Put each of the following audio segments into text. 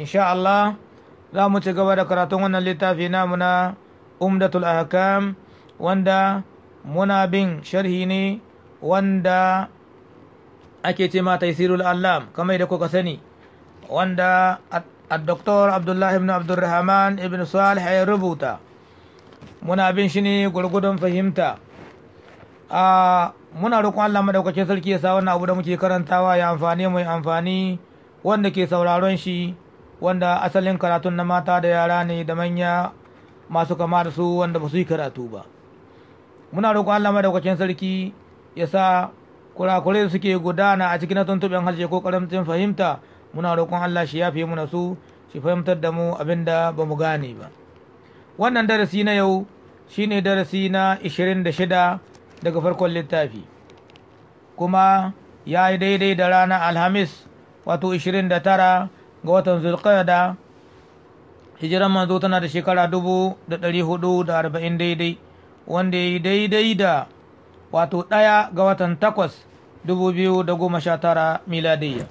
insha Allah za mu ci gaba da karatun wannan littafi namu na umdatul ahkam wanda muna bin sharhi ne wanda ake ce ma taisirul kamar da kuka sani wanda الدكتور عبد الله بن عبد الرحمن ابن صالح ya rubuta muna bin shi ne gurgudun fahimta a muna roƙon Allah madaukakin sarki ya sa wannan abu da muke karantawa ya amfani mai amfani wanda ke sauraron shi wanda asalin karatun na mata da yara ne da manya masu kama da su wanda ba su yi karatu ba muna roƙo Allah madaukakin sarki ya sa kurakurai suke gudana a cikin tuntuɓen harshe ko karamcin fahimta muna roƙon Allah shi ya fi muna su shi fahimtar da mu abin da ba mu gane ba wannan darasi na yau shine darasi na 26 daga farkon littafi kuma ya yi daidai da ranar alhamis wato 29 ga watan zulqada hijiran manzo tana da shekara dubu da ɗari hudu da arba'in daidai wanda ya yi daidai da wato ɗaya ga watan takwas dubu biyu da goma sha tara miladiyya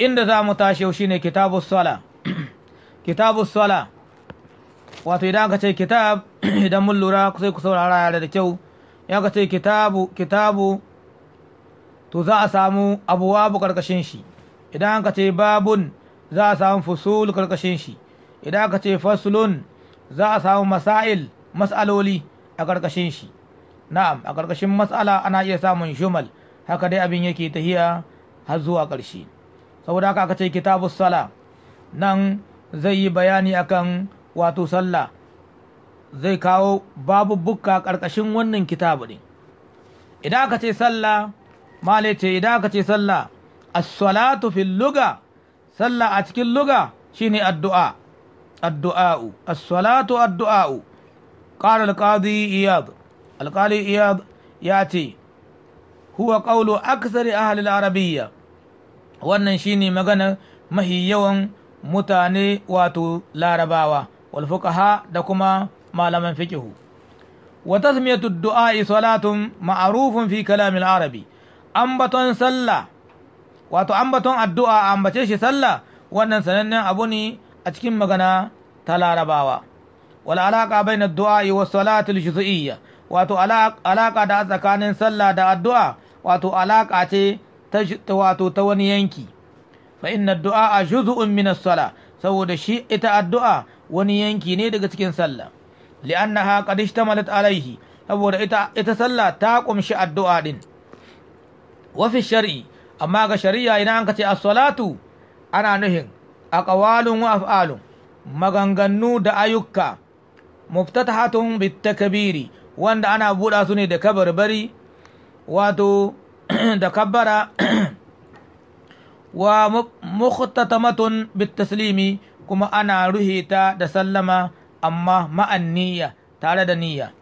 inda za mu tashi yau shine kitabu sala kitabu sala wato idan ka ce kitab idan mun lura sai ku saurara yare da kyau ya ka ce kitabu kitabu to za a samu abuwa bu karkashin shi idan aka ce babun za a samu fusul karkashin shi idan aka ce fasulun za a samu masail mas'aloli a karkashin shi na'am a karkashin mas'ala ana iya samun shumal haka dai abin yake tahiya har zuwa ƙarshe saboda haka aka ce kitabus sala nan zai yi bayani akan wato sallah zai kawo babu bukka karkashin wannan kitabu ne idan aka ce sallah malai ce idan aka ce sallah as-salatu fil luga sallah a cikin luga shine addu'a addu'a'u as-salatu addu'a'u qala al-qadi iyad al-qadi iyad ya ce huwa qawlu aksari ahli al-arabiyya wannan shine magana mahi yawan mutane wato larabawa wal fuqaha da kuma malaman fiqhu wa tasmiyatu du'a salatun ma'rufun fi kalamil arabi ambaton sallah wato ambaton addu'a a ambace shi sallah wannan sanannen abu ne a cikin magana ta larabawa alaƙa bai na du'a wasu salatul juz'iyya wato alaƙa da tsakanin sallah da addu'a wato alaƙa ce ta wato ta wani yanki fa inna du'a juz'un min as-sala saboda shi ita addu'a wani yanki ne daga cikin sallah li'annaha qad ishtamalat alayhi saboda ita ita sallah ta kumshi addu'a din wa fi shar'i amma ga shari'a ina an ce as-salatu ana nuhin aqwalun wa af'alun maganganu da ayyuka muftatahatun Kabiri wanda ana buɗa su ne da kabarbari wato da kabbara wa mukhtatamatun kuma ana ruhita da sallama amma ma'an tare da niyya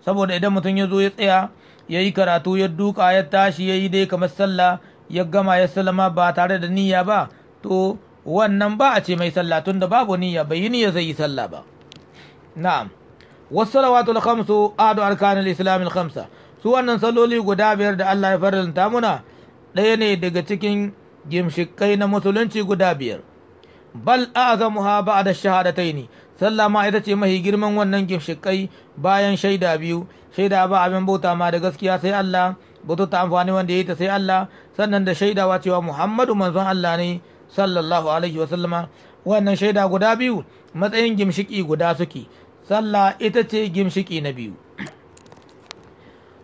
saboda idan mutum ya zo ya tsaya ya yi karatu ya duka ya tashi ya yi dai kamar sallah ya gama ya sallama ba tare da niyya ba to wannan ba a ce mai sallah tun da babu niyya bai yi niyya zai yi sallah ba na'am wasu salawatul khamsu adu arkanul islamil khamsa su wannan salloli guda biyar da Allah ya faranta muna ɗaya ne daga cikin gimshikai na musulunci guda biyar bal azamuha ba'da shahadataini sallah ma ita ce mahi girman wannan gimshikai bayan shaida biyu shaida ba abin bauta ma da gaskiya sai Allah ba ta amfani wanda ya yi ta sai Allah sannan da shaidawa cewa Muhammadu manzon Allah ne sallallahu alaihi wa sallama wannan shaida guda biyu matsayin gimshiki guda suke sallah ita ce gimshiki na biyu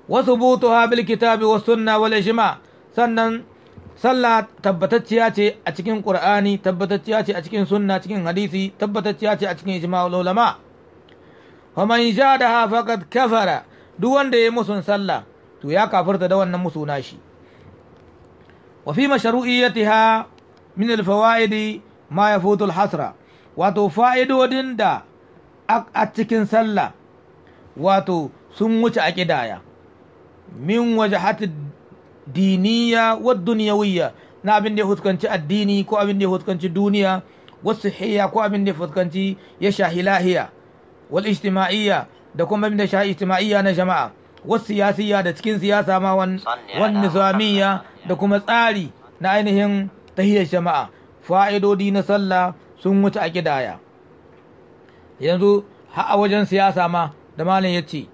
wasu butu bil kitabi wa sunna wal ijma sannan sallah tabbatacciya ce a cikin qur'ani tabbatacciya ce a cikin sunna cikin hadisi tabbatacciya ce a cikin ijma'ul ulama faman jadaha faqad kafara duk wanda ya musun sallah to ya kafirta da wannan musu shi wa fi mashru'iyyatiha min al-fawaidi ma yafutu al-hasra wato fa'idodin da a cikin sallah wato sun wuce a kidaya min wajhati diniya wa dunyawiyya na abin da ya fuskanci addini ko abin da ya fuskanci duniya wasu hiya ko abin da ya fuskanci ya shahi lahiya wal ijtima'iyya da kuma abin da shahi ijtima'iyya na jama'a wasu siyasiya da cikin siyasa ma wani nizamiya da kuma tsari na ainihin tahiyar jama'a fa'idodi na sallah sun wuce a ƙidaya. yanzu a wajen siyasa ma da malam ya ce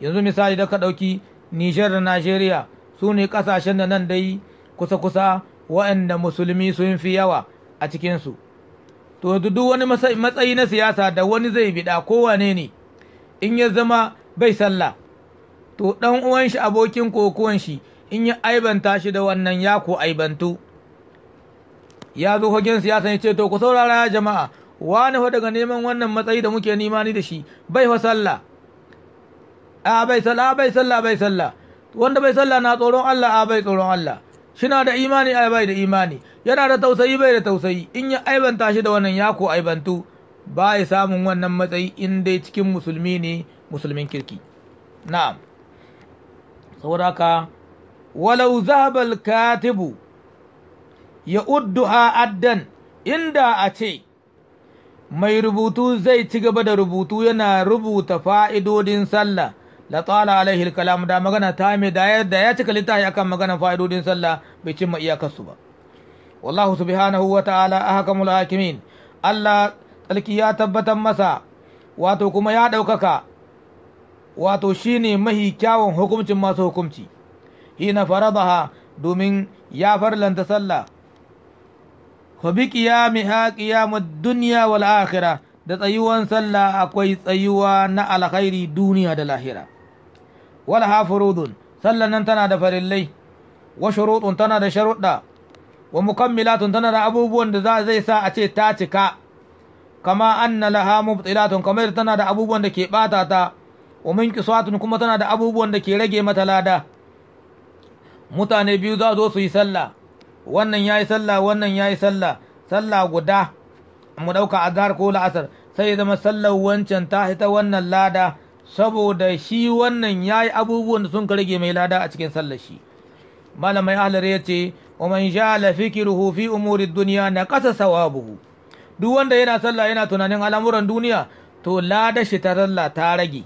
yanzu misali da ka ɗauki Nijar da najeriya su ne ƙasashen da nan dai kusa-kusa waɗanda musulmi sun fi yawa a cikinsu to duk wani matsayi na siyasa da wani zai biɗa kowane ne in ya zama bai sallah to ɗan uwan shi abokin kokuwan shi in ya aibanta shi da wannan ya ko aibantu ya zo fagen siyasa ya ce to ku saurara jama'a wani fa daga neman wannan matsayi da muke nema ni da shi bai fa sallah a bai sallah bai sallah bai sallah wanda bai sallah na tsoron Allah a bai tsoron Allah shina da imani a bai da imani yana da tausayi bai da tausayi in ya aibanta shi da wannan ya ko aibantu ba ya samun wannan matsayi in dai cikin musulmi ne musulmin kirki na'am sauraka haka walau zahabal katibu ya udduha addan inda a ce mai rubutu zai ci gaba da rubutu yana rubuta fa'idodin sallah la tsala alaihi kalam da magana ta mai da da ya cika littafi akan magana fa'idodin sallah bai cimma iyakarsu ba wallahu subhanahu wa ta'ala Allah tsarki ya tabbatar masa wato kuma ya ɗaukaka wato shine mahi kyawun hukuncin masu hukumci hina faradaha domin ya farlanta sallah fa bi qiyamiha qiyamud duniya wal akhirah da tsayuwan sallah akwai tsayuwa na alkhairi duniya da lahira wal hafurudun sallan nan tana da farillai wa shurutun tana da sharuɗa wa mukammilatun tana da abubuwan da za zai sa a ce ta cika kama anna laha mubtilatun kamar tana da abubuwan da ke bata ta wa min kisatun kuma tana da abubuwan da ke rage mata lada mutane biyu za zo su yi sallah wannan yayi sallah wannan yayi sallah sallah guda mu dauka azhar ko la'asar sai ya zama sallar wancan ta ita wannan lada saboda shi wannan yayi abubuwan da sun ka rage mai lada a cikin sallar shi malamai ahlar ya ce wa man jala fikruhu fi umuri dunya na qasa sawabuhu duk wanda yana sallah yana tunanin al'amuran duniya to lada shi ta ta rage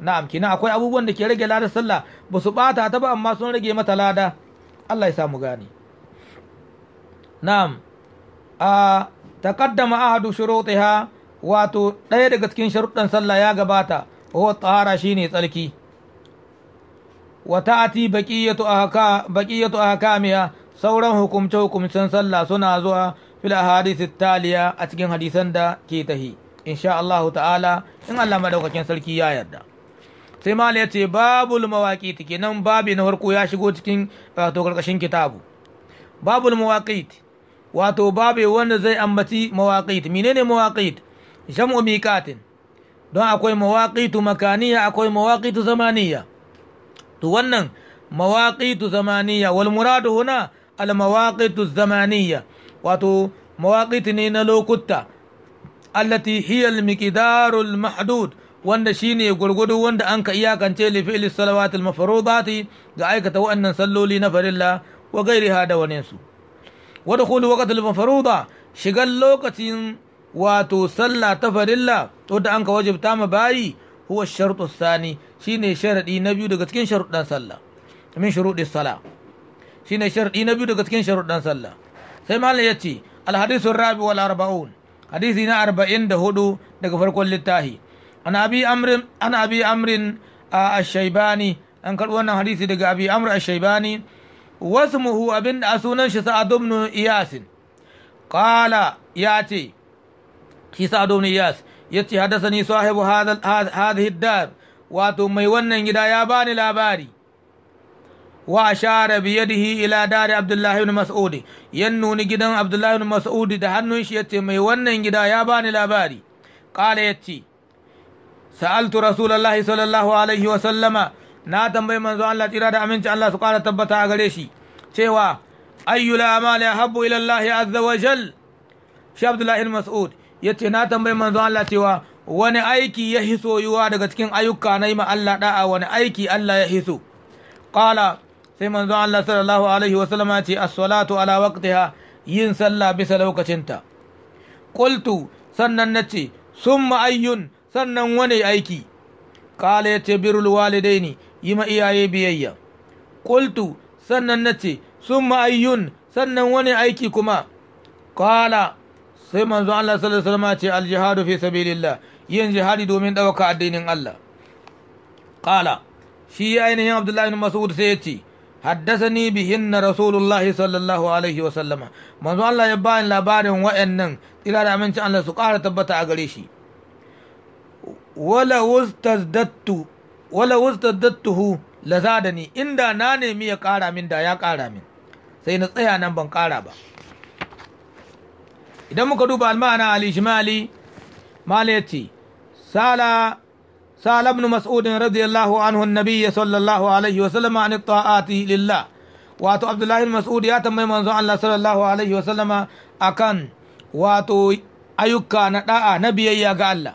na'am kina akwai abubuwan da ke rage ladar sallah ba su bata ta ba amma sun rage mata lada Allah ya samu gane na'am a taqaddama ahadu shurutiha wato ɗaya daga cikin sharuɗan sallah ya gabata wa tsara shine tsarki wa ta'ati baqiyatu ahka baqiyatu ahkamiha sauran hukumce hukumcen sallah suna zuwa fil ahadith taliya a cikin hadisan da ke tahi insha Allah ta'ala in Allah madaukakin sarki ya yarda sai mala ya ce babul mawaqit kenan babi na farko ya shigo cikin wato karkashin kitabu babul mawaqit wato babe wanda zai ambaci mawaqit menene mawaqit jam'u miqatin don akwai mawaqitu makaniya akwai mawaqitu zamaniya to wannan mawaqitu zamaniya wal muradu huna al mawaqitu zamaniya wato mawaqit ne na lokuta allati hiya al miqdarul mahdud wanda shine gurgudu wanda an ka iyakance li fi'li salawatil mafrudati ga aikata wa'annan salloli na farilla wa gairiha da wani su wa dukhulu waqtil mafruda shigan lokacin wato sallah ta farilla wanda an ka wajibta ma bayi huwa shartu sani shine sharadi na biyu daga cikin sharuɗan sallah min shuruɗi sala shine sharadi na biyu daga cikin sharuɗan sallah sai malam yace al hadithu rabi wal arba'un hadisi na arba'in da hudu daga farkon littafi an abi amrin a shaibani an karɓi wannan hadisi daga abi amr a shaibani wasu muhu abin a sunan shi sa'ad ibn iyasin ya ce shi sa'ad ibn iyas yace hadasani sahibu hadhihi dar wato mai wannan gida ya bani labari wa ashara bi yadihi ila dari abdullahi ibn yan nuni gidan abdullahi ibn da hannun shi yace mai wannan gida ya bani labari qala yace sa'altu rasulullahi sallallahu alaihi wa sallama na tambayi manzo Allah tsira da aminci Allah su kara tabbata a gare shi cewa ayyul amali habbu ila Allah azza wa jal shi Abdullahi Mas'ud yace na tambayi manzo Allah cewa wani aiki ya hiso yuwa daga cikin ayyuka na ma Allah da'a wani aiki Allah ya hiso qala sai manzo Allah sallallahu alaihi wa sallama ce as-salatu ala waqtiha yin sallah bisa lokacinta Kultu sannan nace summa ayyun sannan wani aiki kala ya ce birul ne yi ma iyaye biyayya kultu sannan na ce sun ma'ayyun sannan wani aiki kuma kala sai manzo Allah sallallahu ce aljihadu fi sabilillah yin jihadi domin ɗauka addinin Allah kala shi ainihin Abdullahi bin Mas'ud sai ya ce haddasani bihin na rasulullahi sallallahu alaihi wasallama manzo Allah ya bayan labarin waɗannan tsira da amincin Allah su ƙara tabbata a gare shi wala wuztaddattuhu ni inda na nemi ya ƙara min da ya ƙara min sai na tsaya nan ban ƙara ba idan muka duba almana ali shimali malati sala sala ibn mas'ud radiyallahu anhu annabi sallallahu alaihi wa sallama an ta'ati lillah wato abdullahi mas'ud ya tambayi manzon Allah sallallahu alaihi wa sallama akan wato ayyuka na da'a na biyayya ga Allah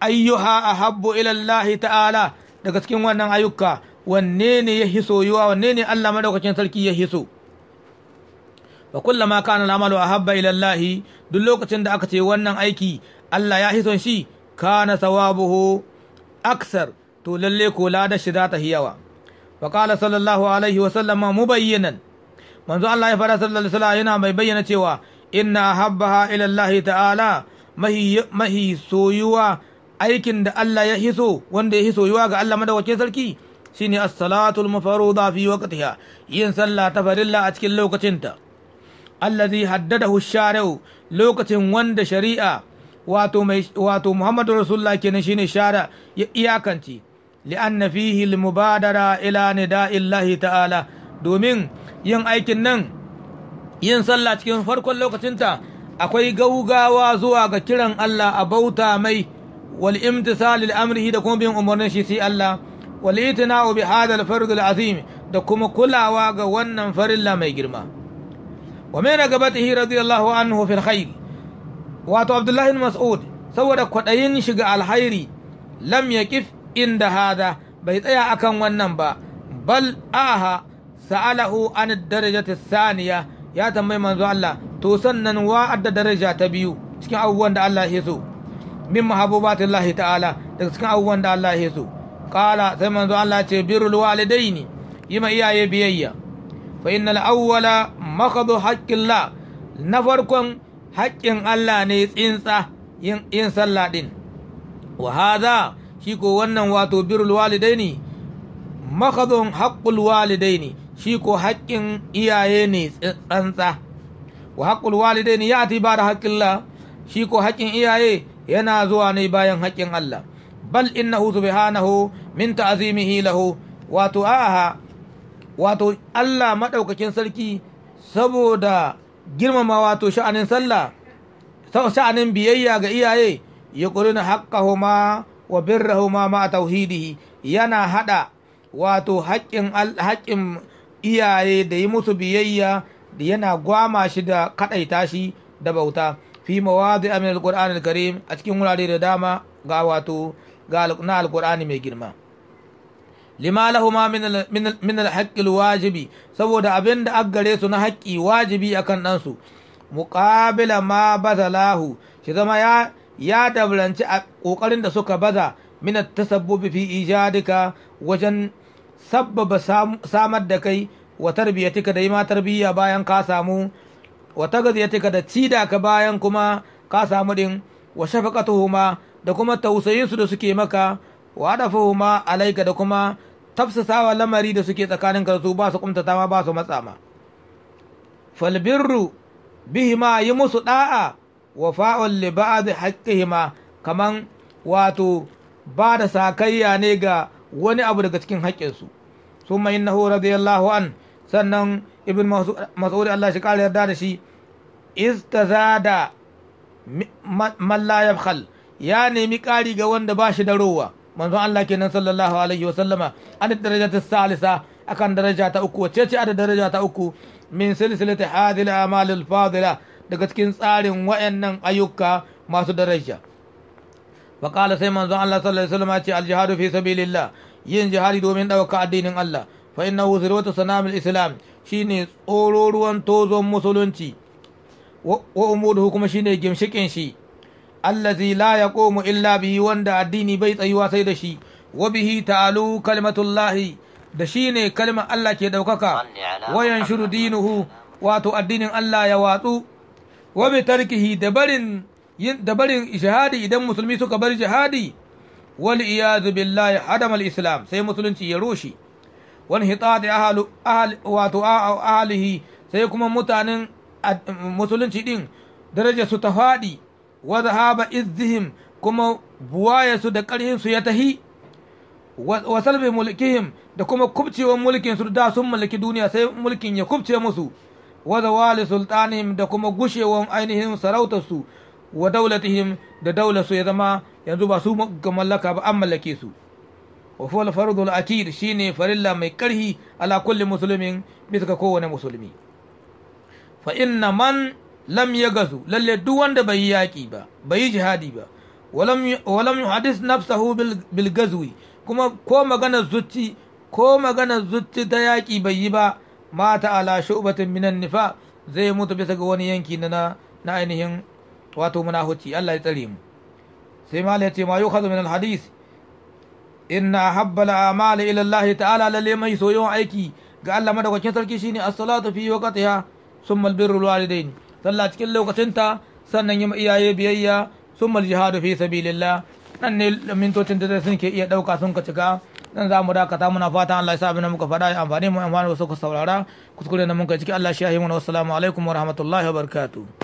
ayyuha ahabbu ila Allah ta'ala daga cikin wannan ayyuka wanne ne ya hiso yuwa wanne ne Allah madaukakin sarki ya hiso wa kullama kana al'amalu ahabba ila Allah duk lokacin da aka ce wannan aiki Allah ya hiso shi kana sawabuhu aksar to lalle ko ladar shi za ta hiyawa wa qala sallallahu alaihi wa sallama mubayyinan manzo Allah ya fara sallallahu alaihi yana mai bayyana cewa inna habbaha ila Allah ta'ala mahi mahi soyuwa aikin da Allah ya hiso wanda ya hiso yiwa ga Allah madawakin sarki shine as-salatul mafruḍa fi waqtiha yin sallah ta farilla a cikin lokacinta zai haddada shari'u lokacin wanda shari'a wato Muhammadu wato ke Rasulullah kenan shine shara ya iyakanci li'anna fihi al-mubadara ila nida'illahi ta'ala domin yin aikin nan yin sallah cikin farkon lokacinta akwai gaugawa zuwa ga kiran Allah a bauta mai wal imtisal lil amrihi da kuma bin umarnin shi sai Allah wal itina'u bi hadal fard al azim da kuma kulawa ga wannan farilla mai girma wa min ragabatihi radiyallahu anhu fil khair wato Abdullahi Mas'ud saboda kwaɗayin shiga alhairi lam yaqif da hada bai tsaya akan wannan ba bal aha sa'alahu an darajati saniya ya tambayi manzo Allah to sannan wa'adda daraja ta biyu cikin abubuwan da Allah ya so min mahabubatillahi ta'ala daga cikin abubuwan da Allah ya so Kala sai manzo Allah ce birrul walidaini yi ma iyaye biyayya fa innal awwala makhadhu haqqillah na farkon haƙƙin Allah ne tsintsa yin sallah din wa hadha shi ko wannan wato birrul walidaini makhadhun haqqul walidaini shi ko haƙƙin iyaye ne tsantsa wa haƙƙul walidaini ya ba da haƙƙillah shi ko haƙƙin iyaye yana zuwa ne bayan haƙƙin Allah bal innahu subhanahu min ta'zimihi lahu wato aha wato Allah maɗaukakin sarki saboda girmama wato sha'anin sallah sha'anin biyayya ga iyaye yuqrinu haqqahuma wa birrahuma ma tauhidihi yana hada wato haƙƙin iyaye da yi musu biyayya da yana gwama shi da kaɗaita shi da bauta fi mawadi amin Alƙur'ani alkarim a cikin wurare da dama ga wato ga na alkur'ani mai girma lima lahuma min al wajibi saboda abin da aka gare su na haƙƙi wajibi akan ɗansu muƙabila ma bazalahu shi zama ya ya dabranci a ƙoƙarin da suka baza min tasabbubi fi ijadika wajen sabbaba samar da kai wa tarbiyatika da ma tarbiyya bayan ka samu wata gaziyatika da cida ka bayan kuma ka samu ɗin wa homa da kuma tausayinsu da suke maka wa adafuhuma alaika da kuma tafsasawa lamari da suke tsakanin ka su ba su kumtata ma ba su matsa ma falbirru bihima yi musu da'a wa fa'ul li ba'd haqqihima kaman wato ba da sakayya ne ga wani abu daga cikin haƙƙinsu summa innahu radiyallahu an sannan ibn mas'ud Allah shi ƙara yarda da shi istazada man la yabkhal ya nemi ƙari ga wanda ba shi da rowa manzon Allah kenan sallallahu alaihi wa sallama an daraja ta salisa akan daraja ta uku wacce ce ada daraja ta uku min silsilati hadil amal al fadila daga cikin tsarin wayannan ayyuka masu daraja fa qala sai manzon Allah sallallahu alaihi wa sallama ce al jihadu fi sabilillah yin jihadi domin dauka addinin Allah fa innahu zirwatu sanamil islam shine tsoro ruwan tozon musulunci wa umuduhu kuma shine gimshikin shi allazi la yaqumu illa bihi wanda addini bai tsayuwa sai da shi wa bihi ta'alu kalimatullahi da shine kalma Allah ke daukaka wayan shuru dinuhu wato addinin Allah ya watsu wa bi tarkihi da barin da barin jihadi idan musulmi suka bar jihadi wal iyadu billahi hadamal islam sai musulunci ya rushe wani hita da wato ahalihi sai kuma mutanen musulunci din, daraja su ta faɗi wa zahaba izzihim kuma buwaye da ƙarhin su ya tahi wa salbi mulkihim da kuma kubcewar mulkin su da sun mulki duniya sai mulkin ya kubce musu wa zawali sultanihim da kuma gushewar ainihin sarautar su wa daulatihim da daular su ya zama yanzu ba su ga mallaka ba an mallake su wa huwa al-fardhu akid shine farilla mai karhi ala kulli muslimin bisa kowane musulmi fa inna man lam gazu lalle duk wanda bai yi yaki ba bai yi jihadi ba walam hadis nafsahu bil kuma ko magana zuci ta yaƙi bai yi ba mata ala shubatin minan nifa zai mutu bisa ga wani yanki na ainihin wato munahuci Allah ya tsare mu sai ma ya ce ma yukhadhu min al hadis inna habbal amali ila Allah ta'ala lalle mai soyon aiki ga Allah madaukakin sarki shine as-salatu fi waqtiha summa al-birru walidain sallah cikin lokacinta sannan yi iyaye biyayya summa al-jihadu fi sabilillah nan ne mintocin da sun ke iya dauka sun ka cika dan za mu dakata muna fata Allah ya sa abin muka faɗa ya amfani mu amfani wasu ku saurara kuskure mun ka ciki Allah shi ya yi mana alaikum wa rahmatullahi wa barakatuh